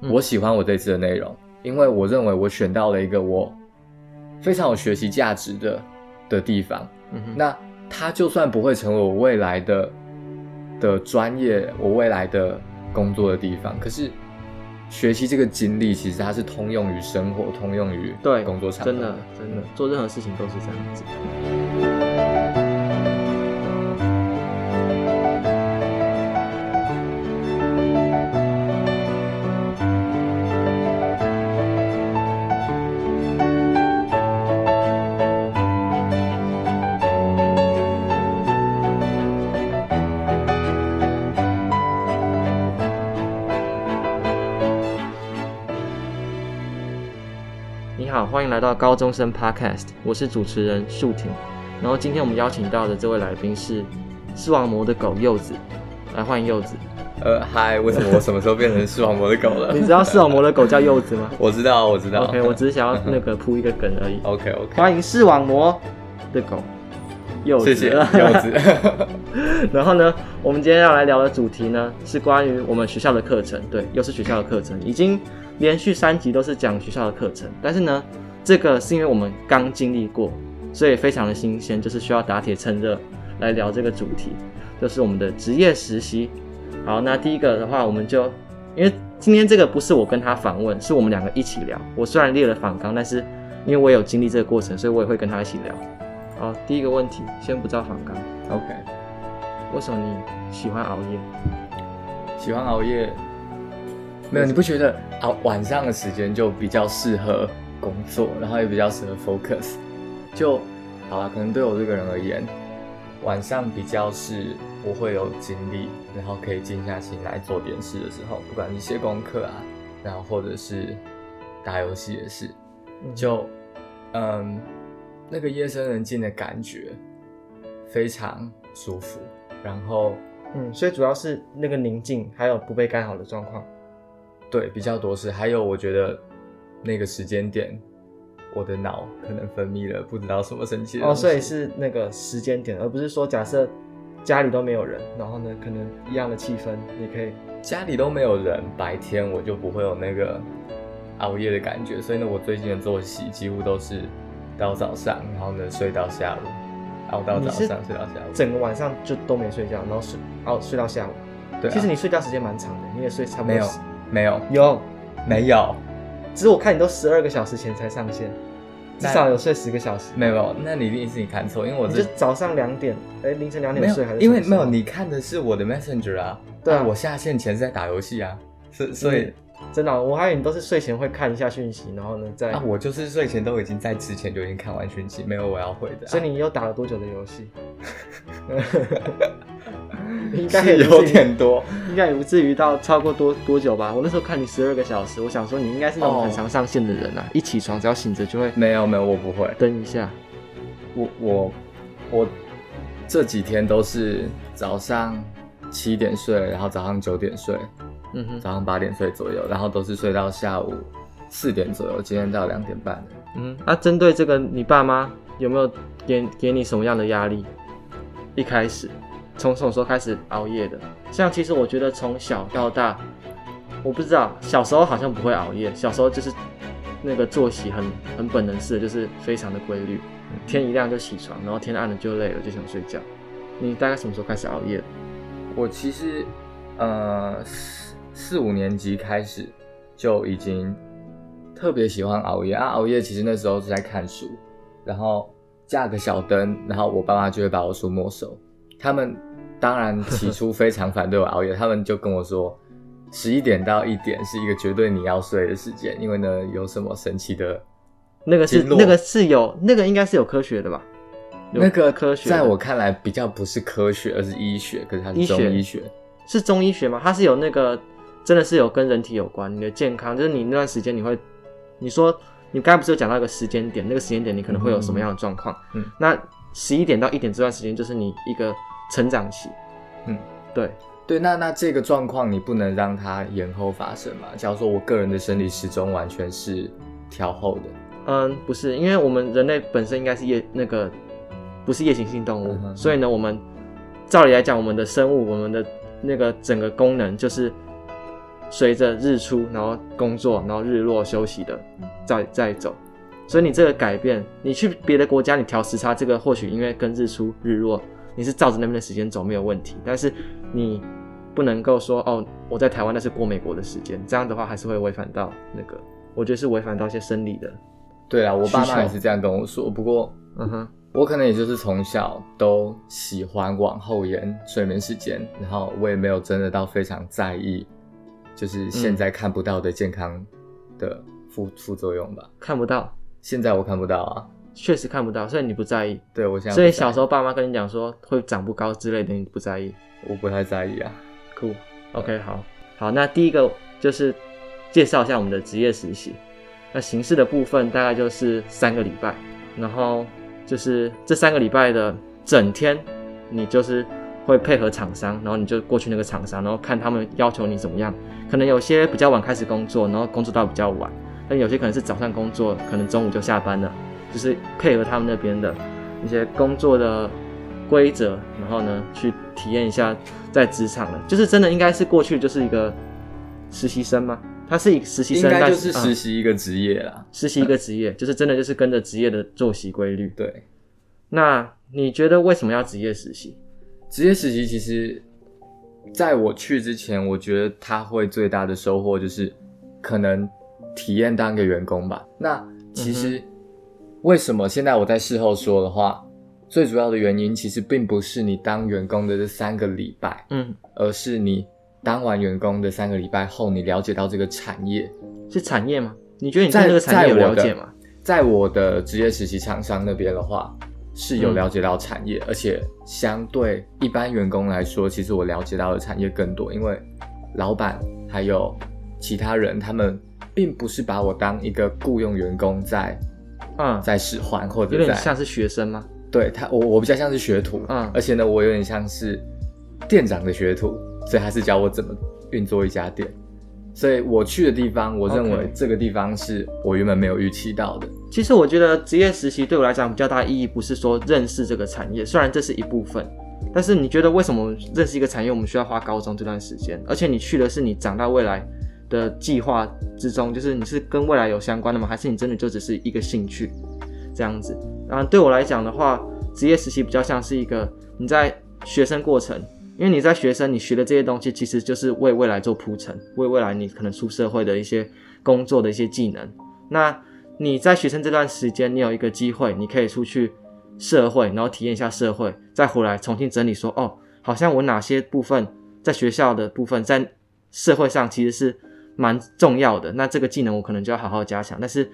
我喜歡我這次的內容，嗯，因為我認為我選到了一個我非常有學習價值的的地方，嗯。那它就算不會成為我未來的的專業，我未來的工作的地方，可是學習這個經歷，其實它是通用於生活、通用於對工作場，真的真的做任何事情都是這樣子。 來到高中生 Podcast，我是主持人樹婷。然後今天我們邀請到的這位來賓是視網膜的狗柚子，來歡迎柚子。呃，嗨，為什麼我什麼時候變成視網膜的狗了？ 你知道視網膜的狗叫柚子嗎？ 我知道，我知道。OK，我只是想要那個鋪一個梗而已。 OK OK，歡迎視網膜的狗柚子。謝謝，柚子。 然後呢，我們今天要來聊的主題呢是關於我們學校的課程，對，又是學校的課程， 已經連續三集都是講學校的課程，但是呢。這個是因為我們剛經歷過，所以非常的新鮮，就是需要打鐵趁熱來聊這個主題，就是我們的職業實習。好，那第一個的話，我們就因為今天這個不是我跟他反問，是我們兩個一起聊。我雖然列了反綱，但是因為我有經歷這個過程，所以我也會跟他一起聊。好，第一個問題先不造反綱 okay.，OK？為什麼你喜歡熬夜？喜歡熬夜？沒有，你不覺得熬晚上的時間就比較適合，工作，然後也比較適合 focus，就好啦。可能對我這個人而言，晚上比較是不會有精力，然後可以靜下心來做點事的時候，不管是寫功課啊，然後或者是打遊戲也是，就嗯，那個夜深人靜的感覺非常舒服。然後嗯，所以主要是那個寧靜，還有不被干擾的狀況。對，比較多是，還有我覺得。那個時間點，我的腦可能分泌了不知道什麼神奇的東西。哦，所以是那個時間點，而不是說假設家裡都沒有人，然後呢，可能一樣的氣氛，你可以家裡都沒有人。嗯，白天我就不會有那個熬夜的感覺。所以呢，我最近的作息幾乎都是到早上，然後呢睡到下午，熬到早上睡到下午，整個晚上就都沒睡覺，然後睡熬，嗯哦、睡到下午。對、啊，其實你睡覺時間蠻長的，你也睡差不多。沒有，沒有，有，沒有。只是我看你都十二個小時前才上線，至少有睡十個小時。沒有，沒有，那你一定是你看錯，因為我是早上兩點、欸，凌晨兩點睡沒還是？因為沒有，你看的是我的 Messenger 啊。對啊啊，我下線前是在打遊戲啊，所以所以。嗯真的、啊，我還以為你都是睡前會看一下訊息，然後呢再……啊，我就是睡前都已經在之前就已經看完訊息，沒有我要回的、啊。所以你又打了多久的遊戲？ 應該也有點多，應該也不至於到超過多多久吧？我那時候看你十二個小時，我想說你應該是那種很常上線的人啊！Oh, 一起床只要醒着就會……沒有沒有，我不會。等一下，我我我這幾天都是早上七點睡，然後早上九點睡。嗯，早上八點睡左右，然後都是睡到下午四點左右。今天到兩點半。嗯，那、啊、針對這個，你爸媽有沒有給給你什麼樣的壓力？一開始，從什麼時候開始熬夜的？像其實我覺得從小到大，我不知道小時候好像不會熬夜，小時候就是那個作息很很本能式，就是非常的規律，天一亮就起床，然後天暗了就累了就想睡覺。你大概什麼時候開始熬夜的？我其實，呃。四五年級開始就已經特別喜歡熬夜啊！熬夜其實那時候是在看書，然後架個小燈，然後我爸媽就會把我書沒收。他們當然起初非常反對我熬夜， 他們就跟我說：“十一點到一點是一個絕對你要睡的時間，因為呢有什麼神奇的經絡……那個是那個是有那個應該是有科學的吧？有的那個科學在我看來比較不是科學，而是醫學，可是它是中醫學，醫學。是中醫學嗎？它是有那個。”真的是有跟人體有關，你的健康就是你那段時間你會，你說你剛才不是有講到一個時間點，那個時間點你可能會有什麼樣的狀況？嗯，嗯那十一點到一點這段時間就是你一個成長期，嗯，對對，那那這個狀況你不能讓它延後發生嘛？假如說我個人的生理時鐘完全是調後的，嗯，不是，因為我們人類本身應該是夜那個不是夜行性動物，所以呢，我們照理來講，我們的生物，我們的那個整個功能就是。隨着日出，然後工作，然後日落休息的，再再走。所以你這個改變，你去別的國家，你調時差，這個或許因為跟日出日落，你是照着那邊的時間走沒有問題。但是你不能夠說哦，我在台灣那是過美國的時間，這樣的話還是會違反到那個，我覺得是違反到一些生理的。對啊，我爸媽也是這樣跟我說。不過，嗯哼，我可能也就是從小都喜歡往後延睡眠時間，然後我也沒有真的到非常在意。就是現在看不到的健康的副副作用吧，嗯。看不到。現在我看不到啊。確實看不到，所以你不在意。對，我想。所以小時候爸媽跟你講說會長不高之類的，你不在意。我不太在意啊。酷，cool, okay, 嗯。OK，好，好，那第一個就是介紹一下我們的職業實習。那形式的部分大概就是三個禮拜，然後就是這三個禮拜的整天，你就是。會配合廠商，然後你就過去那個廠商，然後看他們要求你怎麼樣。可能有些比較晚開始工作，然後工作到比較晚；但有些可能是早上工作，可能中午就下班了。就是配合他們那邊的一些工作的規則，然後呢去體驗一下在職場了。就是真的應該是過去就是一個實習生嗎？他是一個實習生，應該就是實習，是實習一個職業啦。實習一個職業，就是真的就是跟着職業的作息規律。對。那你覺得為什麼要職業實習？職業實習其實，在我去之前，我覺得他會最大的收穫就是，可能體驗當一個員工吧。那其實，為什麼現在我在事後說的話，嗯，最主要的原因其實並不是你當員工的這三個禮拜，嗯，而是你當完員工的三個禮拜後，你了解到這個產業。是產業嗎？你覺得你在那個產業有了解嗎？在，在我的職業實習廠商那邊的話。是有了解到產業，嗯，而且相對一般員工來說，其實我了解到的產業更多，因為老板還有其他人，他們並不是把我當一個雇傭員工在，嗯，在使喚或者在有點像是學生嗎？對他，我我比較像是學徒，嗯，而且呢，我有點像是店長的學徒，所以他是教我怎麼運作一家店。所以我去的地方，我認為這個地方是我原本沒有預期到的。Okay. 其實我覺得職業實習對我來講比較大的意義，不是說認識這個產業，雖然這是一部分。但是你覺得為什麼認識一個產業，我們需要花高中這段時間？而且你去的是你長大未來的計劃之中，就是你是跟未來有相關的嗎？還是你真的就只是一個興趣這樣子？啊，對我來講的話，職業實習比較像是一個你在學生過程。因為你在學生，你學的這些東西其實就是為未來做鋪陳，為未來你可能出社會的一些工作的一些技能。那你在學生這段時間，你有一個機會，你可以出去社會，然後體驗一下社會，再回來重新整理說哦，好像我哪些部分在學校的部分，在社會上其實是蠻重要的。那這個技能我可能就要好好加強。但是，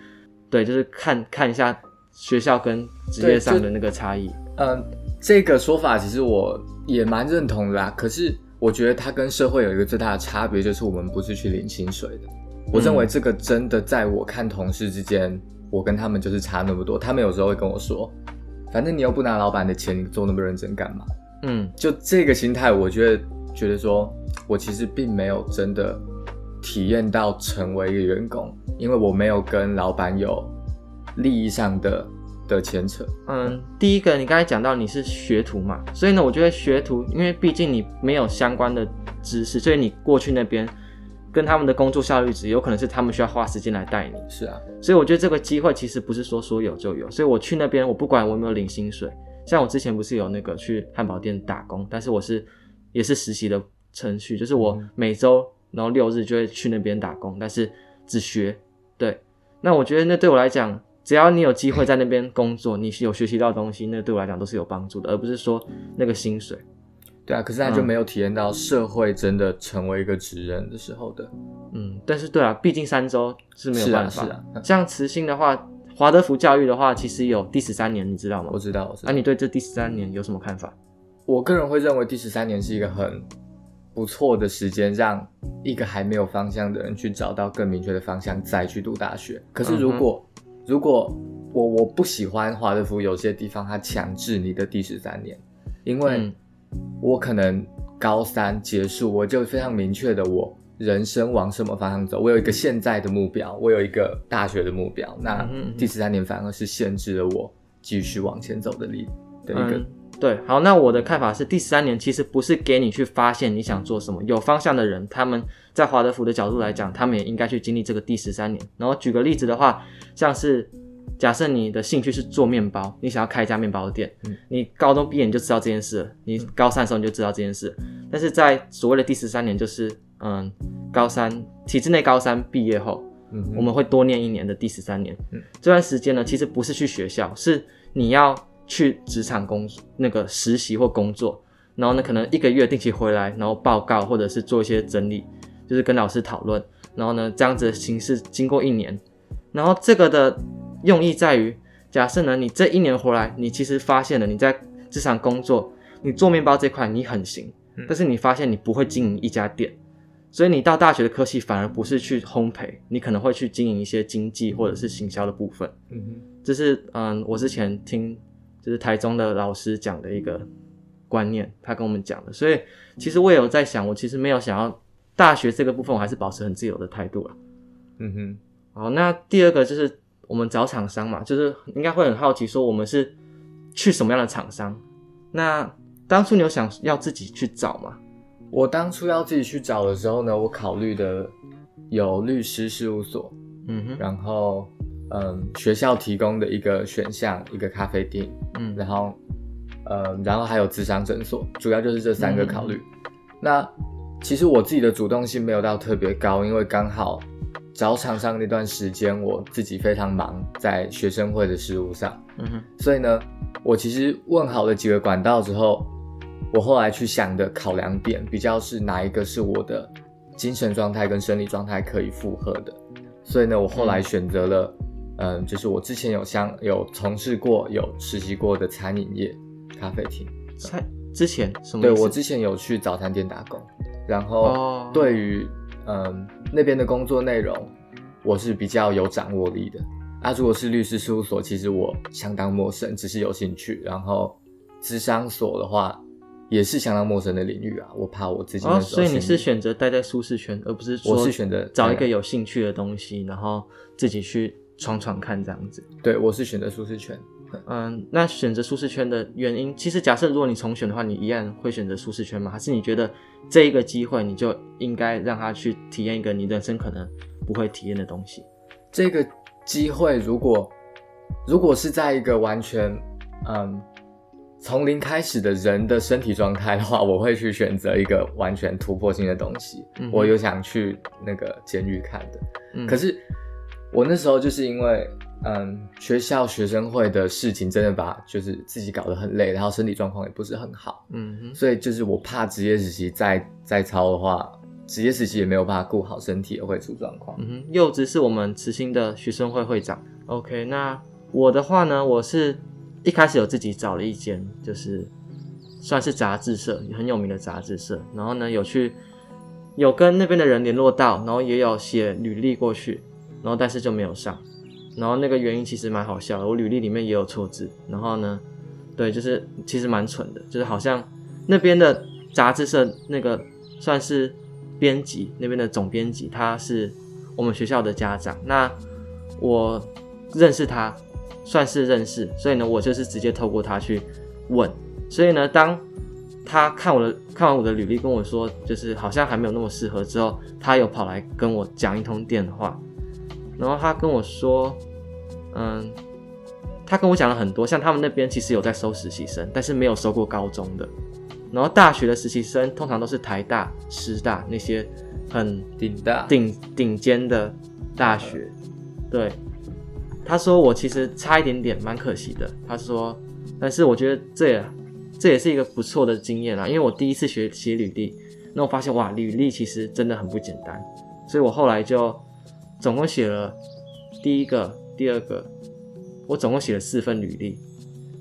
對，就是看看一下學校跟職業上的那個差異。嗯。這個說法其實我也蠻認同的啦，可是我覺得它跟社會有一個最大的差別，就是我們不是去領薪水的。我認為這個真的，在我看同事之間，嗯，我跟他們就是差那麼多。他們有時候會跟我說：“反正你又不拿老闆的錢，你做那麼認真幹嘛？”嗯，就這個心態，我覺得覺得說，我其實並沒有真的體驗到成為一個員工，因為我沒有跟老闆有利益上的。的前程，嗯，第一個，你剛才講到你是學徒嘛，所以呢，我覺得學徒，因為畢竟你沒有相關的知識，所以你過去那邊跟他們的工作效率值，有可能是他們需要花時間來帶你。是啊，所以我覺得這個機會其實不是說說有就有，所以我去那邊，我不管我有沒有領薪水，像我之前不是有那個去漢堡店打工，但是我是也是實習的程序，就是我每周然後六日就會去那邊打工，但是只學。對，那我覺得那對我來講。只要你有機會在那邊工作，你是有學習到東西，那對我來講都是有幫助的，而不是說那個薪水。對啊，可是他就沒有體驗到社會真的成為一個職人的時候的。嗯，但是對啊，畢竟三周是沒有辦法。是啊，是啊。像慈心的話，華德福教育的話，其實有第十三年、嗯，你知道嗎？我知道，我知道。那、啊、你對這第十三年有什麼看法？我個人會認為第十三年是一個很不錯的時間，讓一個還沒有方向的人去找到更明確的方向，再去讀大學。可是如果、嗯如果我我不喜歡華德福，有些地方它強制你的第十三年，因為，我可能高三結束，我就非常明確的我人生往什麼方向走，我有一個現在的目標，我有一個大學的目標，那第十三年反而是限制了我繼續往前走的力的一個。嗯對，好，那我的看法是，第十三年其實不是給你去發現你想做什麼，有方向的人，他們在華德福的角度來講，他們也應該去經歷這個第十三年。然後舉個例子的話，像是假設你的興趣是做麵包，你想要開一家麵包店，嗯、你高中畢業你就知道這件事了，你高三的時候你就知道這件事了，但是在所謂的第十三年，就是嗯，高三體制內高三畢業後、嗯，我們會多念一年的第十三年、嗯，這段時間呢，其實不是去學校，是你要。去職場工那個實習或工作，然後呢，可能一個月定期回來，然後報告，或者是做一些整理，就是跟老師討論，然後呢，這樣子的形式經過一年，然後這個的用意在於，假設呢，你這一年回來，你其實發現了你在職場工作，你做麵包這塊你很行，嗯，但是你發現你不會經營一家店，所以你到大學的科系反而不是去烘焙，你可能會去經營一些經濟或者是行銷的部分。嗯，這是嗯，我之前聽。就是台中的老師講的一個觀念，他跟我們講的，所以其實我也有在想，我其實沒有想要大學這個部分，我還是保持很自由的態度了啊。嗯哼，好，那第二個就是我們找廠商嘛，就是應該會很好奇，說我們是去什麼樣的廠商？那當初你有想要自己去找嗎？我當初要自己去找的時候呢，我考慮的有律師事務所，嗯哼，然後。嗯，學校提供的一個選項，一個咖啡店，嗯，然後，呃、嗯，然後還有諮商診所，主要就是這三個考慮。嗯、那其實我自己的主動性沒有到特別高，因為剛好早場上那段時間我自己非常忙在學生會的事務上，嗯哼，所以呢，我其實問好了幾個管道之後，我後來去想的考量點比較是哪一個是我的精神狀態跟生理狀態可以負荷的，所以呢，我後來選擇了、嗯。嗯，就是我之前有相有從事過有實習過的餐飲業，咖啡廳。嗯、之前什麼？對我之前有去早餐店打工，然後對於、oh. 嗯，那邊的工作內容，我是比較有掌握力的。啊，如果是律師事務所，其實我相當陌生，只是有興趣。然後，諮商所的話，也是相當陌生的領域啊，我怕我自己。Oh, 所以你是選擇待在舒適圈，而不是說我是選擇找一個有興趣的東西，然後自己去。闖闖看這樣子。對，我是選擇舒適圈。嗯，那選擇舒適圈的原因，其實假設如果你重選的話，你一樣會選擇舒適圈嗎？還是你覺得這一個機會，你就應該讓他去體驗一個你人生可能不會體驗的東西？這個機會如果如果是在一個完全，嗯，從零開始的人的身體狀態的話，我會去選擇一個完全突破性的東西。嗯，我有想去那個監獄看的。嗯，可是，我那時候就是因為，嗯，學校學生會的事情，真的把就是自己搞得很累，然後身體狀況也不是很好，嗯哼，所以就是我怕職業實習再再操的話，職業實習也沒有辦法顧好身體，也會出狀況。嗯哼，柚子是我們慈心的學生會會長。OK，那我的話呢，我是一開始有自己找了一間，就是算是雜誌社，很有名的雜誌社，然後呢有去有跟那邊的人聯絡到，然後也有寫履歷過去。然後，但是就沒有上。然後那個原因其實蠻好笑的，我履歷裡面也有錯字。然後呢，對，就是其實蠻蠢的，就是好像那邊的雜誌社那個算是編輯，那邊的總編輯他是我們學校的家長，那我認識他，算是認識，所以呢，我就是直接透過他去問。所以呢，當他看我的看完我的履歷跟我說，就是好像還沒有那麼適合之後，他有跑來跟我講一通電話。然後他跟我說，嗯，他跟我講了很多，像他們那邊其實有在收實習生，但是沒有收過高中的。然後大學的實習生通常都是台大、師大那些很頂大、頂頂尖的大學。對，他說我其實差一點點，蠻可惜的。他說，但是我覺得這也這也是一個不錯的經驗啦，因為我第一次學寫履歷，那我發現哇，履歷其實真的很不簡單，所以我後來就。總共寫了第一個、第二個，我總共寫了四份履歷。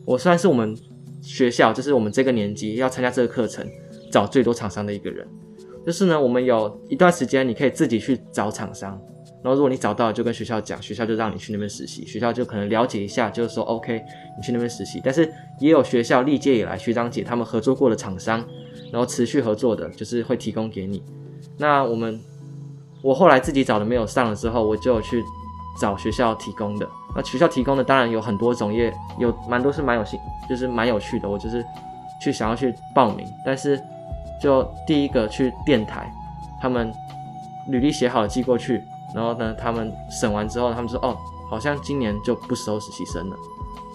我算是我們學校，就是我們這個年級要參加這個課程找最多廠商的一個人。就是呢，我們有一段時間你可以自己去找廠商，然後如果你找到了，就跟學校講，學校就讓你去那邊實習。學校就可能了解一下，就是說 OK，你去那邊實習。但是也有學校歷屆以來學長姐他們合作過的廠商，然後持續合作的，就是會提供給你。那我們。我後來自己找的沒有上了之後，我就去找學校提供的。那學校提供的當然有很多種，業，有蠻多是蠻有興，就是蠻有趣的。我就是去想要去報名，但是就第一個去電台，他們履歷寫好寄過去，然後呢，他們審完之後，他們說哦，好像今年就不收實習生了，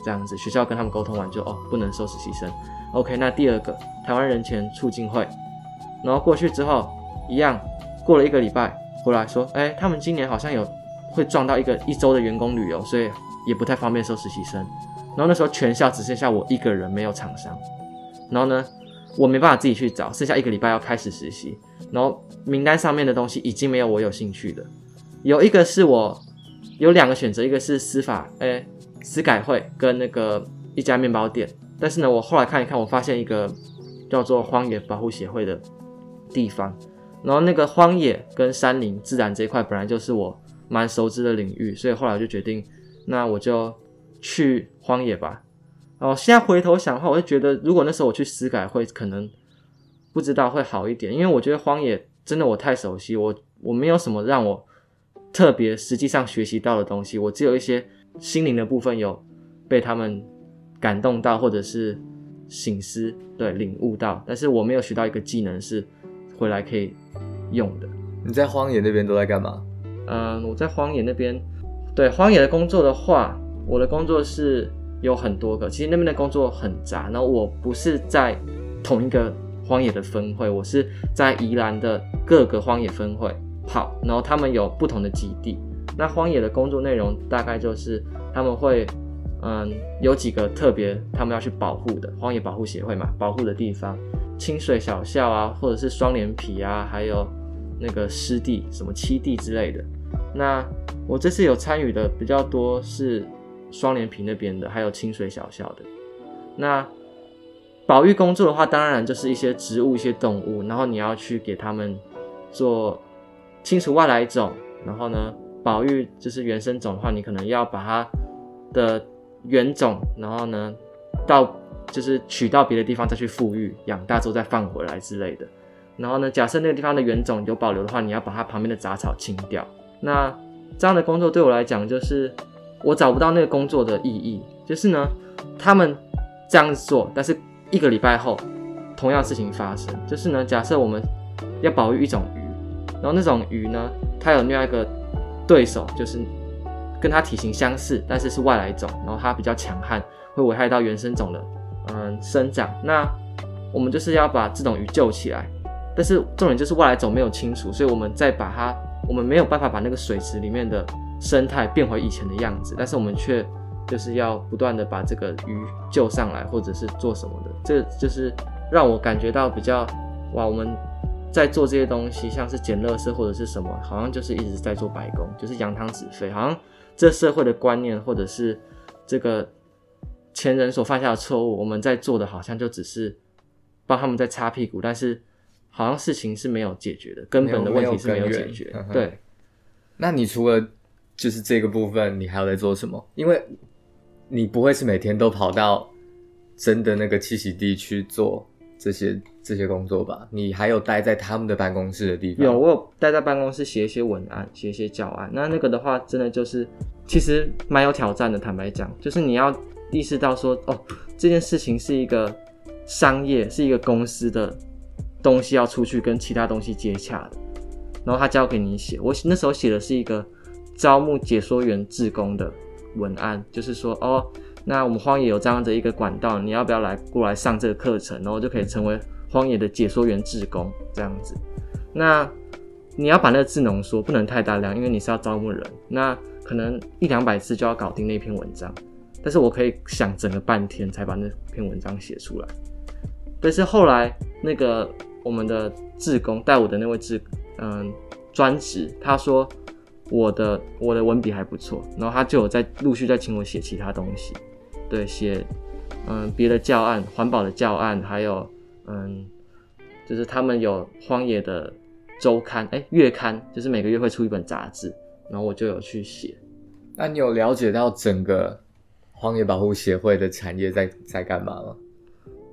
這樣子。學校跟他們溝通完就哦不能收實習生。OK，那第二個台灣人權促進會，然後過去之後一樣過了一個禮拜。後來說，哎、欸，他們今年好像有會撞到一個一周的員工旅遊，所以也不太方便收實習生。然後那時候全校只剩下我一個人沒有廠商。然後呢，我沒辦法自己去找，剩下一個禮拜要開始實習。然後名單上面的東西已經沒有我有興趣的。有一個是我有兩個選擇，一個是司法，哎、欸，司改會跟那個一家麵包店。但是呢，我後來看一看，我發現一個叫做荒野保護協會的地方。然後那個荒野跟山林自然這一塊，本來就是我蠻熟知的領域，所以後來我就決定，那我就去荒野吧。然後，哦，現在回頭想的話，我就覺得，如果那時候我去思改，會可能不知道會好一點，因為我覺得荒野真的我太熟悉，我我沒有什麼讓我特別實際上學習到的東西，我只有一些心靈的部分有被他們感動到，或者是省思，對，領悟到，但是我沒有學到一個技能是回來可以用的。你在荒野那邊都在幹嘛？嗯，我在荒野那邊，對，荒野的工作的話，我的工作是有很多個。其實那邊的工作很雜。然後我不是在同一個荒野的分會，我是在宜蘭的各個荒野分會。好，然後他們有不同的基地。那荒野的工作內容大概就是他們會，嗯，有幾個特別他們要去保護的，荒野保護協會嘛，保護的地方，清水小校啊，或者是雙連埤啊，還有那個濕地，什麼七地之類的。那我這次有參與的比較多是雙連埤那邊的，還有清水小校的。那保育工作的話，當然就是一些植物、一些動物，然後你要去給它們做清除外來種，然後呢，保育就是原生種的話，你可能要把它的原種，然後呢，到。就是取到別的地方再去復育、養大之後再放回來之類的。然後呢，假設那個地方的原種有保留的話，你要把它旁邊的雜草清掉。那這樣的工作對我來講，就是我找不到那個工作的意義。就是呢，他們這樣做，但是一個禮拜後，同樣事情發生。就是呢，假設我們要保育一種魚，然後那種魚呢，它有另外一個對手，就是跟它體型相似，但是是外來種，然後它比較強悍，會危害到原生種的。嗯，生長，那我們就是要把這種魚救起來，但是重點就是外來種沒有清除，所以我們再把它，我們沒有辦法把那個水池裡面的生態變回以前的樣子，但是我們卻就是要不斷的把這個魚救上來，或者是做什麼的，這就是讓我感覺到比較，哇，我們在做這些東西，像是撿垃圾或者是什麼，好像就是一直在做白工，就是揚湯止沸，好像這社會的觀念或者是這個。前人所犯下的錯誤，我們在做的好像就只是幫他們在擦屁股，但是好像事情是沒有解決的，根本的問題是沒有解決的根源。對、嗯，那你除了就是這個部分，你還有在做什麼？因為你不會是每天都跑到真的那個棲息地去做這些這些工作吧？你還有待在他們的辦公室的地方？有，我有待在辦公室寫一些文案，寫一些教案。那那個的話，真的就是其實蠻有挑戰的。坦白講，就是你要。意識到說哦，這件事情是一個商業，是一個公司的東西要出去跟其他東西接洽的，然後他交給你寫。我寫那時候寫的是一個招募解說員志工的文案，就是說哦，那我們荒野有這樣子一個管道，你要不要來過來上這個課程，然後就可以成為荒野的解說員志工這樣子。那你要把那個字濃縮，不能太大量，因為你是要招募人，那可能一兩百字就要搞定那篇文章。但是我可以想整個半天才把那篇文章寫出來，但是後來那個我們的志工帶我的那位志嗯，專職他說我的我的文筆還不錯，然後他就有在陸續在請我寫其他東西，對，寫嗯別的教案，環保的教案，還有嗯就是他們有荒野的週刊，哎、欸、月刊，就是每個月會出一本雜誌，然後我就有去寫。那你有了解到整個？荒野保護協會的產業在在幹嘛嗎？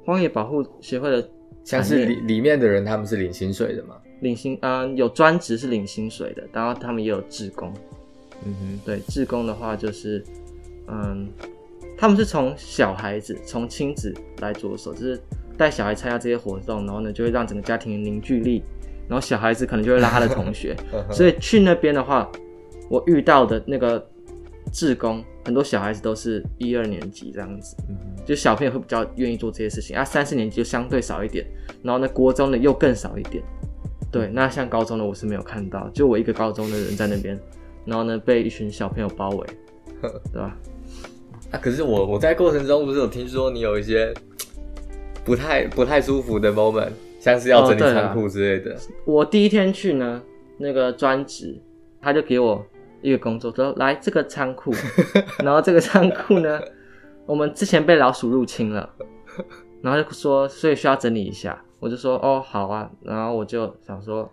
荒野保護協會的產業像是裡裡面的人，他們是領薪水的嗎？領薪，嗯、呃，有專職是領薪水的，然後他們也有志工。嗯哼，對，志工的話就是，嗯，他們是從小孩子從親子來着手，就是帶小孩參加這些活動，然後呢就會讓整個家庭的凝聚力，然後小孩子可能就會拉他的同學， 所以去那邊的話，我遇到的那個志工。很多小孩子都是一二年級這樣子，嗯，就小朋友會比較願意做這些事情啊，三四年級就相對少一點，然後呢，國中的又更少一點。對，那像高中的我是沒有看到，就我一個高中的人在那邊，然後呢，被一群小朋友包圍，哼，對吧？啊，可是我我在過程中不是有聽說你有一些不太不太舒服的 moment，像是要整理倉庫之類的。哦，我第一天去呢，那個專職他就給我一個工作說，來這個倉庫，然後這個倉庫呢，我們之前被老鼠入侵了，然後就說所以需要整理一下，我就說哦好啊，然後我就想說，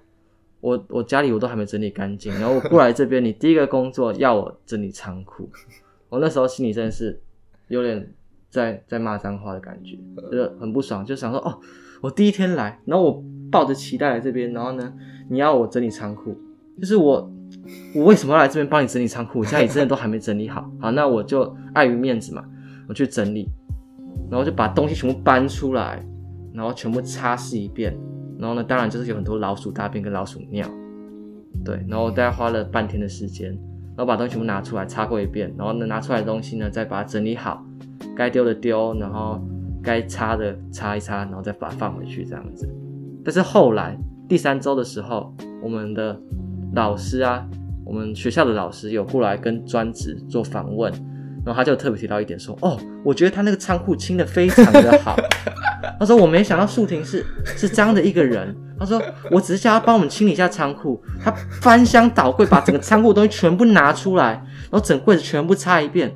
我我家裡我都還沒整理乾淨，然後我過來這邊，你第一個工作要我整理倉庫，我那時候心裡真的是有點在在罵髒話的感覺，就很不爽，就想說哦，我第一天來，然後我抱着期待來這邊，然後呢你要我整理倉庫，就是我。我為什麼要來這邊幫你整理倉庫？現在你真的都還沒整理好，好，那我就礙於面子嘛，我去整理，然後就把東西全部搬出來，然後全部擦拭一遍，然後呢，當然就是有很多老鼠大便跟老鼠尿，對，然後大家花了半天的時間，然後把東西全部拿出來擦過一遍，然後呢，拿出來的東西呢，再把它整理好，該丟的丟，然後該擦的擦一擦，然後再把它放回去這樣子。但是後來第三周的時候，我們的老師啊，我們學校的老師有過來跟專職做訪問，然後他就特別提到一點說，哦，我覺得他那個倉庫清得非常的好。 他說我沒想到素婷是是這樣的一個人。他說我只是叫他幫我們清理一下倉庫，他翻箱倒櫃把整個倉庫的東西全部拿出來，然後整櫃子全部擦一遍，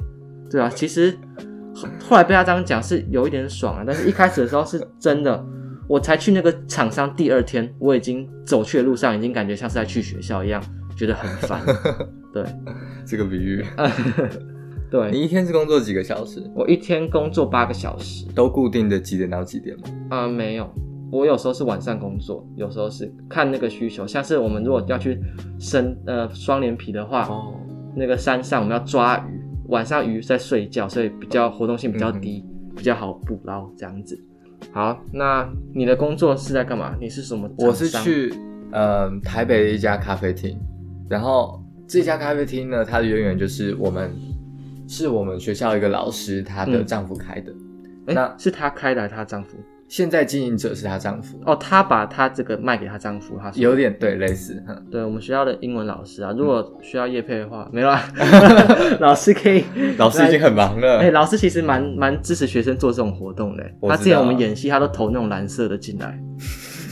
對啊，其實後，後來被他這樣講是有一點爽啊，但是一開始的時候是真的。我才去那個廠商，第二天我已經走去的路上，已經感覺像是在去學校一樣，覺得很煩。對，這個比喻、嗯。對，你一天是工作幾個小時？我一天工作八個小時，都固定的幾點到幾點嗎？啊、嗯，沒有，我有時候是晚上工作，有時候是看那個需求。像是我們如果要去生呃雙連皮的話、哦，那個山上我們要抓魚、嗯，晚上魚在睡覺，所以比較活動性比較低，嗯、比較好捕撈這樣子。好，那你的工作是在幹嘛？你是什麼？我是去，呃，台北的一家咖啡廳，然後這家咖啡廳呢，它的淵源就是我們，是我們學校一個老師她的丈夫開的，嗯、那、欸、是她開的，還是她丈夫？現在經營者是她丈夫，啊、哦，她把她這個賣給她丈夫，他說有點對類似，哈，對我們學校的英文老師啊，如果需要業配的話，嗯、沒有， 老師可以，老師已經很忙了，誒、欸、老師其實蠻蠻、嗯、支持學生做這種活動的、欸，他之前我們演戲，他都投那種藍色的進來，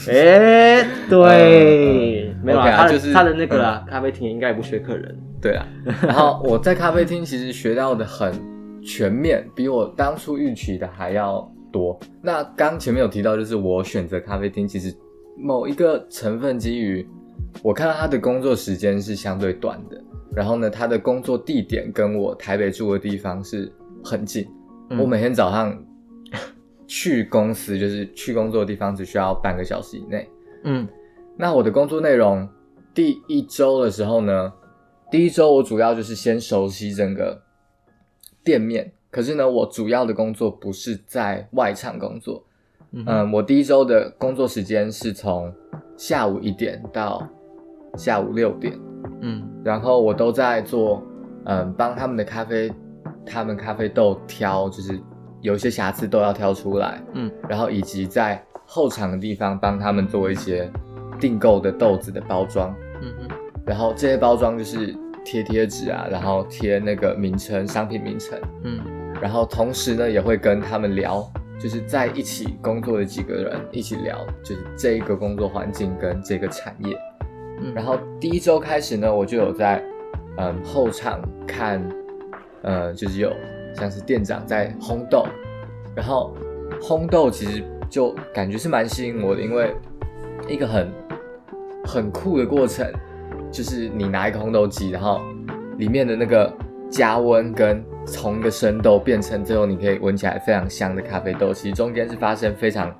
誒、 欸、對，嗯嗯、沒有，okay，他、就是、他的那個啦咖啡廳應該也不缺客人，對啊，然後我在咖啡廳其實學到的很全面， 比我當初預期的還要。多。那剛前面有提到，就是我選擇咖啡廳，其實某一個成分基於我看到他的工作時間是相對短的，然後呢，他的工作地點跟我台北住的地方是很近，嗯。我每天早上去公司，就是去工作的地方，只需要半個小時以內。嗯，那我的工作內容，第一周的時候呢，第一周我主要就是先熟悉整個店面。可是呢，我主要的工作不是在外場工作，嗯。嗯，我第一週的工作時間是從下午一點到下午六點。嗯，然後我都在做，嗯，幫他們的咖啡，他們咖啡豆挑，就是有一些瑕疵都要挑出來。嗯，然後以及在後場的地方幫他們做一些訂購的豆子的包裝。嗯嗯，然後這些包裝就是貼貼紙啊，然後貼那個名稱、商品名稱。嗯。然後同時呢，也會跟他們聊，就是在一起工作的幾個人一起聊，就是這個工作環境跟這個產業。嗯，然後第一周開始呢，我就有在，嗯，後場看，呃、嗯，就是有像是店長在烘豆，然後烘豆其實就感覺是蠻吸引我的，因為一個很很酷的過程，就是你拿一個烘豆機，然後裡面的那個加溫跟。從一個生豆變成最後你可以聞起來非常香的咖啡豆，其實中間是發生非常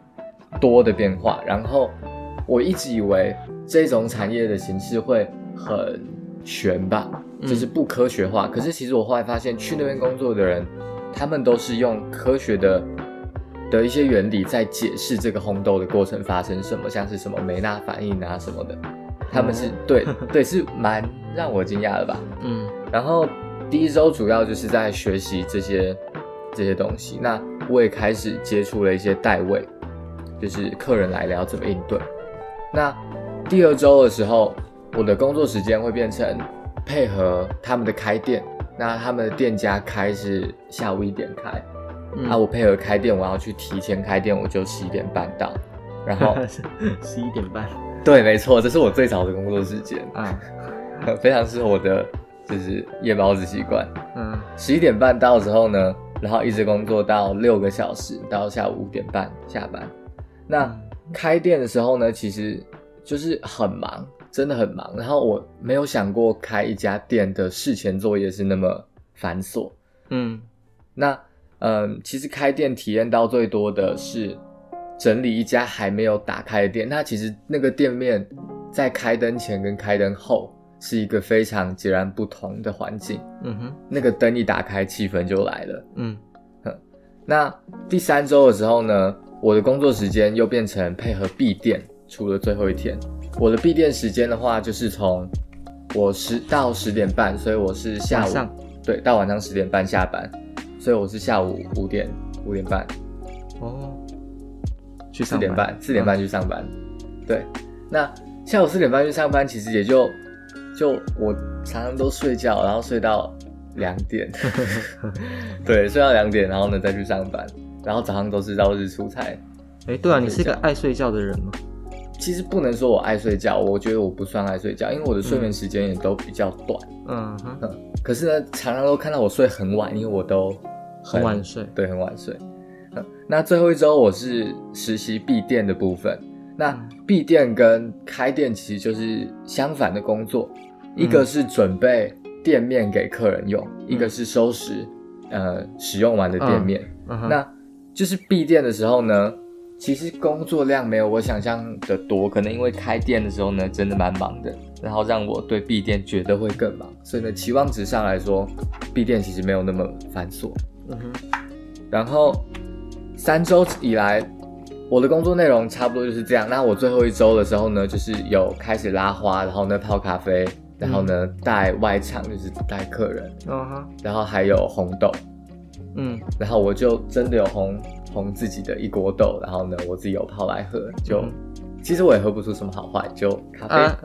多的變化。然後我一直以為這種產業的形式會很玄吧，就是不科學化。嗯、可是其實我後來發現，去那邊工作的人，他們都是用科學的的一些原理在解釋這個烘豆的過程發生什麼，像是什麼梅納反應啊什麼的。他們是、嗯、對對是蠻讓我驚訝的吧。嗯，然後。第一週主要就是在學習這些這些東西，那我也開始接觸了一些代位，就是客人來了要怎麼應對。那第二週的時候，我的工作時間會變成配合他們的開店。那他們的店家開是下午一點開，嗯、啊，我配合開店，我要去提前開店，我就十一點半到。然後十一 點半，對，沒錯，這是我最早的工作時間啊， 非常適合我的。就是夜貓子習慣，嗯，十一點半到之後呢，然後一直工作到六個小時，到下午五點半下班。那、嗯、開店的時候呢，其實就是很忙，真的很忙。然後我沒有想過開一家店的事前作業是那麼繁瑣，嗯，那嗯，其實開店體驗到最多的是整理一家還沒有打開的店，那其實那個店面在開燈前跟開燈後。是一個非常截然不同的環境。嗯哼，那個燈一打開，氣氛就來了。嗯哼，那第三周的時候呢，我的工作時間又變成配合閉店，除了最後一天，我的閉店時間的話，就是從我十到十點半，所以我是下午、啊、上對到晚上十點半下班，所以我是下午五點五點半哦，去上班四點半、嗯，四點半去上班。對，那下午四點半去上班，其實也就。就我常常都睡覺，然後睡到兩點， 對，睡到兩點，然後呢再去上班，然後早上都是到日出差哎、欸，對啊，你是一個愛睡覺的人嗎？其實不能說我愛睡覺，我覺得我不算愛睡覺，因為我的睡眠時間也都比較短。嗯哼、嗯。可是呢，常常都看到我睡很晚，因為我都很，很晚睡，對，很晚睡。嗯、那最後一周我是實習閉店的部分。那閉店跟開店其實就是相反的工作，嗯、一個是準備店面給客人用，嗯、一個是收拾、嗯，呃，使用完的店面。嗯嗯、那就是閉店的時候呢，其實工作量沒有我想象的多，可能因為開店的時候呢，真的蠻忙的，然後讓我對閉店覺得會更忙，所以呢，期望值上來說，閉店其實沒有那麼繁瑣。嗯哼，然後三週以來。我的工作內容差不多就是這樣。那我最後一周的時候呢，就是有開始拉花，然後呢泡咖啡，然後呢、嗯、帶外場，就是帶客人，嗯、哦、哼，然後還有烘豆，嗯，然後我就真的有烘烘自己的一鍋豆，然後呢我自己有泡來喝，就、嗯、其實我也喝不出什麼好壞，就咖啡。啊、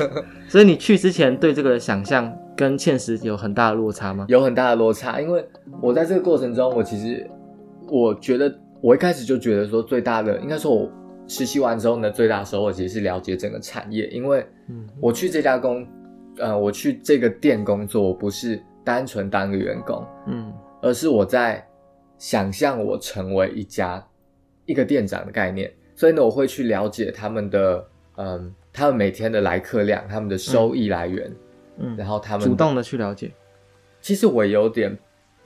所以你去之前對這個想象跟現實有很大的落差嗎？有很大的落差，因為我在這個過程中，我其實我覺得。我一開始就覺得說最大的應該說，我實習完之後呢，最大的收穫其實是了解整個產業。因為嗯我去這家工，呃，我去這個店工作，我不是單純當個員工，嗯，而是我在想象我成為一家一個店長的概念。所以呢，我會去了解他們的，嗯、呃，他們每天的來客量，他們的收益來源，嗯，嗯然後他們主動的去了解。其實我有點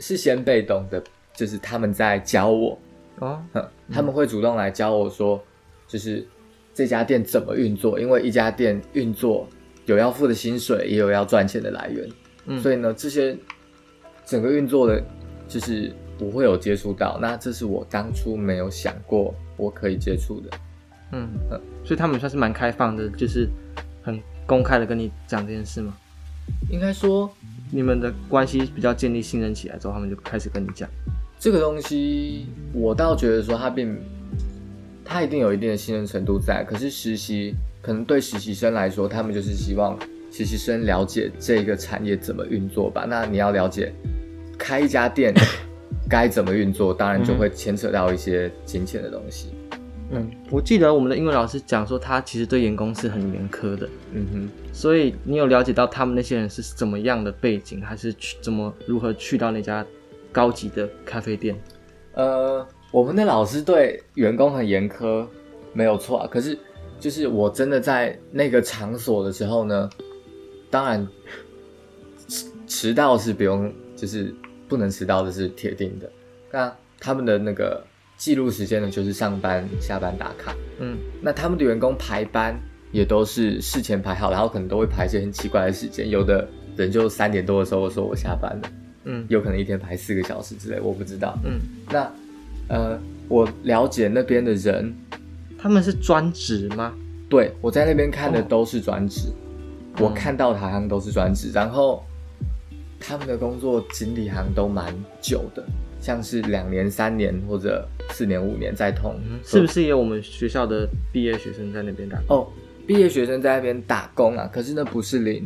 事先被動的，就是他們在教我。哦、嗯，他們會主動來教我說，就是這家店怎麼運作，因為一家店運作有要付的薪水，也有要賺錢的來源，嗯，所以呢，這些整個運作的，就是不會有接觸到，那這是我當初沒有想過我可以接觸的，嗯，嗯，所以他們算是蠻開放的，就是很公開的跟你講這件事嗎？應該說，你們的關係比較建立信任起來之後，他們就開始跟你講。這個東西，我倒覺得說他並他一定有一定的信任程度在。可是實習可能對實習生來說，他們就是希望實習生了解這個產業怎麼運作吧。那你要了解開一家店該怎麼運作，當然就會牽扯到一些金錢的東西。嗯，我記得我們的英文老師講說，他其實對員工是很嚴苛的。嗯哼，所以你有了解到他們那些人是怎麼樣的背景，還是去怎麼如何去到那家？高級的咖啡店，呃，我們的老師對員工很嚴苛，沒有錯啊。可是，就是我真的在那個場所的時候呢，當然，遲遲到是不用，就是不能遲到的是鐵定的。那他們的那個記錄時間呢，就是上班、下班打卡。嗯，那他們的員工排班也都是事前排好，然後可能都會排一些很奇怪的時間，有的人就三點多的時候我說“我下班了”。嗯，有可能一天排四個小時之類，我不知道。嗯，那，呃，我了解那邊的人，他們是專職嗎？對，我在那邊看的都是專職，哦、我看到他好像都是專職，嗯、然後他們的工作經歷好像都蠻久的，像是兩年、三年或者四年、五年在通、嗯。是不是也有我們學校的畢業學生在那邊打工？哦，畢業學生在那邊打工啊，可是那不是領，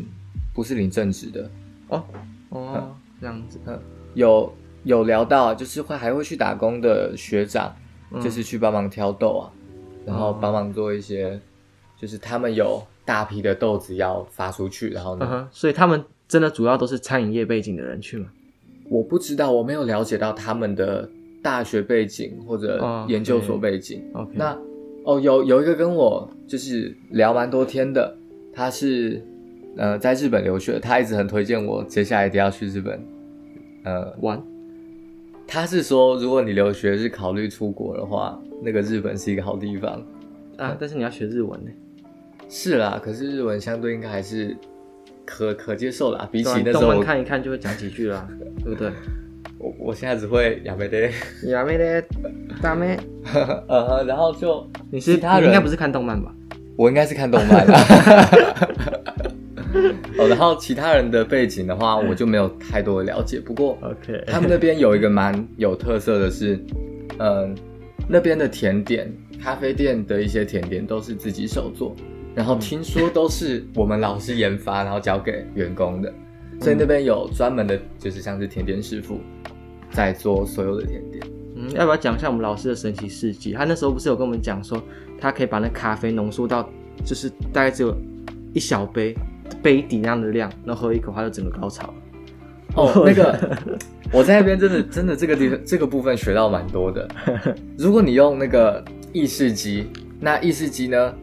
不是領正職的哦，哦。嗯哦這樣子，有有聊到、啊，就是會還會去打工的學長，嗯、就是去幫忙挑豆啊，然後幫忙做一些、哦，就是他們有大批的豆子要發出去，然後呢、嗯，所以他們真的主要都是餐飲業背景的人去嗎？我不知道，我沒有了解到他們的大學背景或者研究所背景。哦 okay, okay. 那哦，有有一個跟我就是聊蠻多天的，他是。呃，在日本留學，他一直很推薦我，接下來一定要去日本，呃，玩。他是說，如果你留學是考慮出國的話，那個日本是一個好地方啊，嗯。但是你要學日文呢？是啦，可是日文相對應該還是可可接受啦，比起那時候文看一看就會講幾句啦對對，對不對？我我現在只會呀沒得呀沒得大美，呃，然後就你是他你應該不是看動漫吧？我應該是看動漫。 哦，然後其他人的背景的話，我就沒有太多的了解。 不過，他們那邊有一個蠻有特色的是，okay. 嗯，那邊的甜點咖啡店的一些甜點都是自己手做，然後聽說都是我們老師研發， 然後交給員工的，所以那邊有專門的，就是像是甜點師傅在做所有的甜點。嗯，要不要講一下我們老師的神奇事蹟？他那時候不是有跟我們講說，他可以把那咖啡濃縮到，就是大概只有一小杯。杯底那樣的量，然後喝一口它就整個高潮。哦、oh,，那個 我在那邊真的真的這個地方，這個部分學到蠻多的。如果你用那個意式機，那意式機呢，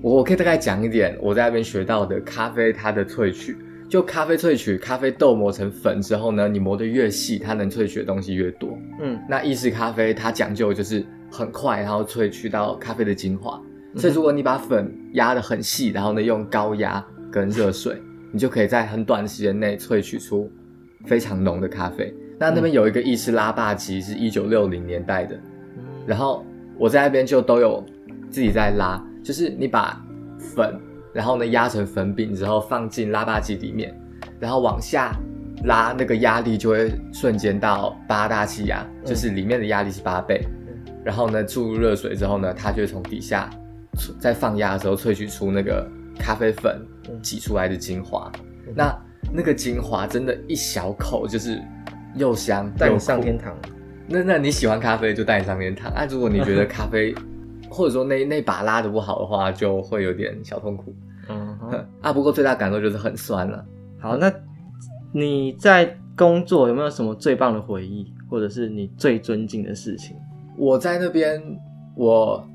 我可以大概講一點我在那邊學到的咖啡它的萃取。就咖啡萃取，咖啡豆磨成粉之後呢，你磨得越細，它能萃取的東西越多。嗯，那意式咖啡它講究就是很快，然後萃取到咖啡的精華。所以如果你把粉壓得很細，嗯，然後呢用高壓。跟熱水，你就可以在很短的時間內萃取出非常濃的咖啡。那那邊有一個意式拉霸機，是一九六零年代的。然後我在那邊就都有自己在拉，就是你把粉，然後呢壓成粉餅之後放進拉霸機裡面，然後往下拉，那個壓力就會瞬間到八大氣壓，就是裡面的壓力是八倍。然後呢注入熱水之後呢，它就會從底下在放壓的時候萃取出那個。咖啡粉擠出來的精華、嗯，那、嗯、那個精華真的一小口就是又香帶你上天堂。那那你喜歡咖啡就帶你上天堂，那、啊、如果你覺得咖啡 或者說那那把拉得不好的話，就會有點小痛苦。嗯哼啊，不過最大感受就是很酸了、啊。好，那你在工作有沒有什麼最棒的回憶，或者是你最尊敬的事情？我在那邊，我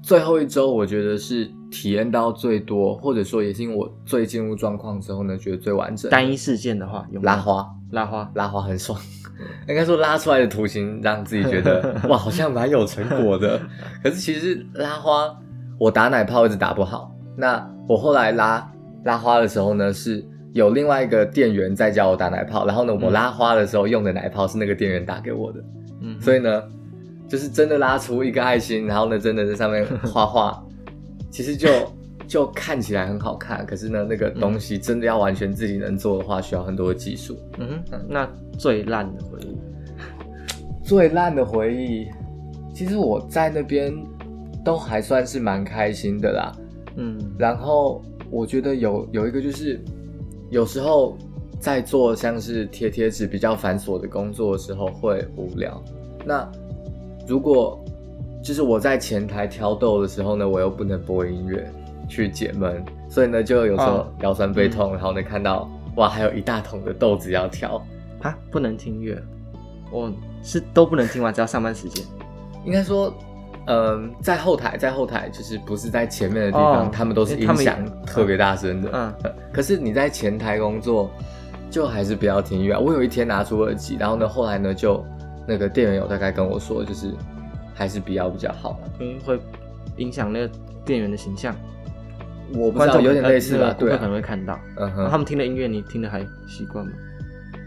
最後一周，我覺得是。體驗到最多，或者說也是因為我最進入狀況之後呢，覺得最完整。單一事件的話用，拉花，拉花，拉花很爽。 應該說拉出來的圖形讓自己覺得 哇，好像蠻有成果的。 可是其實是拉花，我打奶泡一直打不好。那我後來拉拉花的時候呢，是有另外一個店員在教我打奶泡。然後呢，嗯、我拉花的時候用的奶泡是那個店員打給我的。嗯，所以呢，就是真的拉出一個愛心，然後呢，真的在上面畫畫。 其實就就看起來很好看，可是呢，那個東西真的要完全自己能做的話，嗯、需要很多的技術。嗯哼，那最爛的回憶，最爛的回憶，其實我在那邊都還算是蠻開心的啦。嗯，然後我覺得有有一個就是，有時候在做像是貼貼紙比較繁瑣的工作的時候會無聊。那如果就是我在前台挑豆的時候呢，我又不能播音樂去解悶，所以呢就有時候腰酸背痛，哦，然後呢看到、嗯、哇還有一大桶的豆子要挑啊，不能聽音樂，我是都不能聽完，只要上班時間， 應該說，嗯，在後台在後台就是不是在前面的地方，哦、他們都是音響特別大聲的嗯，嗯，可是你在前台工作就還是不要聽音樂，啊。我有一天拿出耳機，然後呢後來呢就那個店員有大概跟我說，就是。還是比較比較好的，嗯，會影響那個店員的形象。我不知道有點類似吧，呃、對、啊，對啊、可能會看到。嗯哼，他們聽的音樂，你聽的還習慣嗎？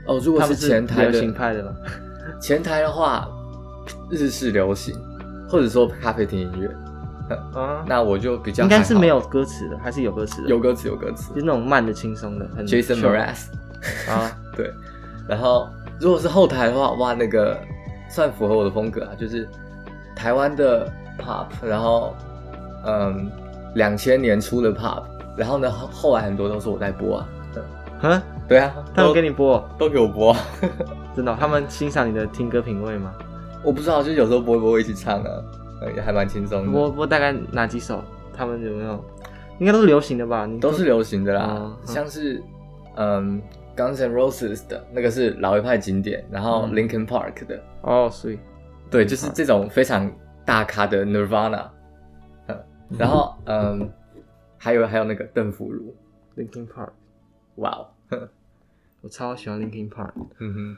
哦，如果是前台的流行派的吧。前台的話，日式流行， 或者說咖啡廳音樂。嗯。Uh -huh. 那我就比較應該是沒有歌詞的，還是有歌詞的？有歌詞，有歌詞，就是、那種慢的，輕鬆的、輕鬆的。Jason Mraz，啊，對。然後，如果是後台的話，哇，那個算符合我的風格啊，就是。台灣的 pop，然後，嗯，兩千年初的 pop，然後呢、後，後來很多都是我在播啊。啊，對啊都，他們給你播。哦，都給我播。 真的。哦，他們欣賞你的聽歌品味嗎？ 我不知道，就是有時候播一播，一起唱啊，嗯、也還蠻輕鬆。播播大概哪幾首？他們有沒有？應該都是流行的吧？都是流行的啦，哦、像是、哦、嗯、Guns and Roses 的那個是老一派經典，然後 Linkin Park 的。哦、嗯，所以。對，就是這種非常大咖的 Nirvana，嗯，然後嗯，還有還有那個鄧福如，Linkin Park，哇、wow、哦， 我超喜歡 Linkin Park，嗯哼，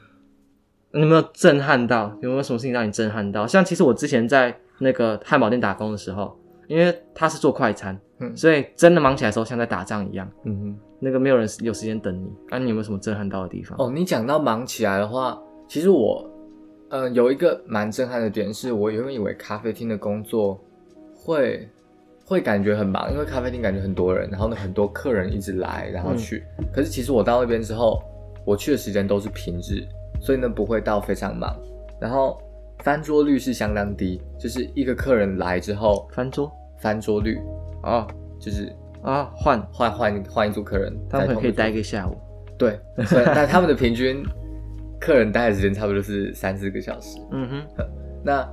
你有沒有震撼到？有沒有什麼事情讓你震撼到？像其實我之前在那個漢堡店打工的時候，因為他是做快餐、嗯，所以真的忙起來的時候像在打仗一樣，嗯哼，那個沒有人有時間等你。那、啊、你有沒有什麼震撼到的地方？哦，你講到忙起來的話，其實我。嗯，有一個蠻震撼的點是，我原本以為咖啡廳的工作會會感覺很忙，因為咖啡廳感覺很多人，然後呢很多客人一直來然後去，嗯。可是其實我到那邊之後，我去的時間都是平日，所以呢不會到非常忙。然後翻桌率是相當低，就是一個客人來之後翻桌翻桌率啊，就是啊換換換換一組客人，他們可以待一個下午。對，但他們的平均。 客人待的時間差不多是三四個小時。嗯哼，那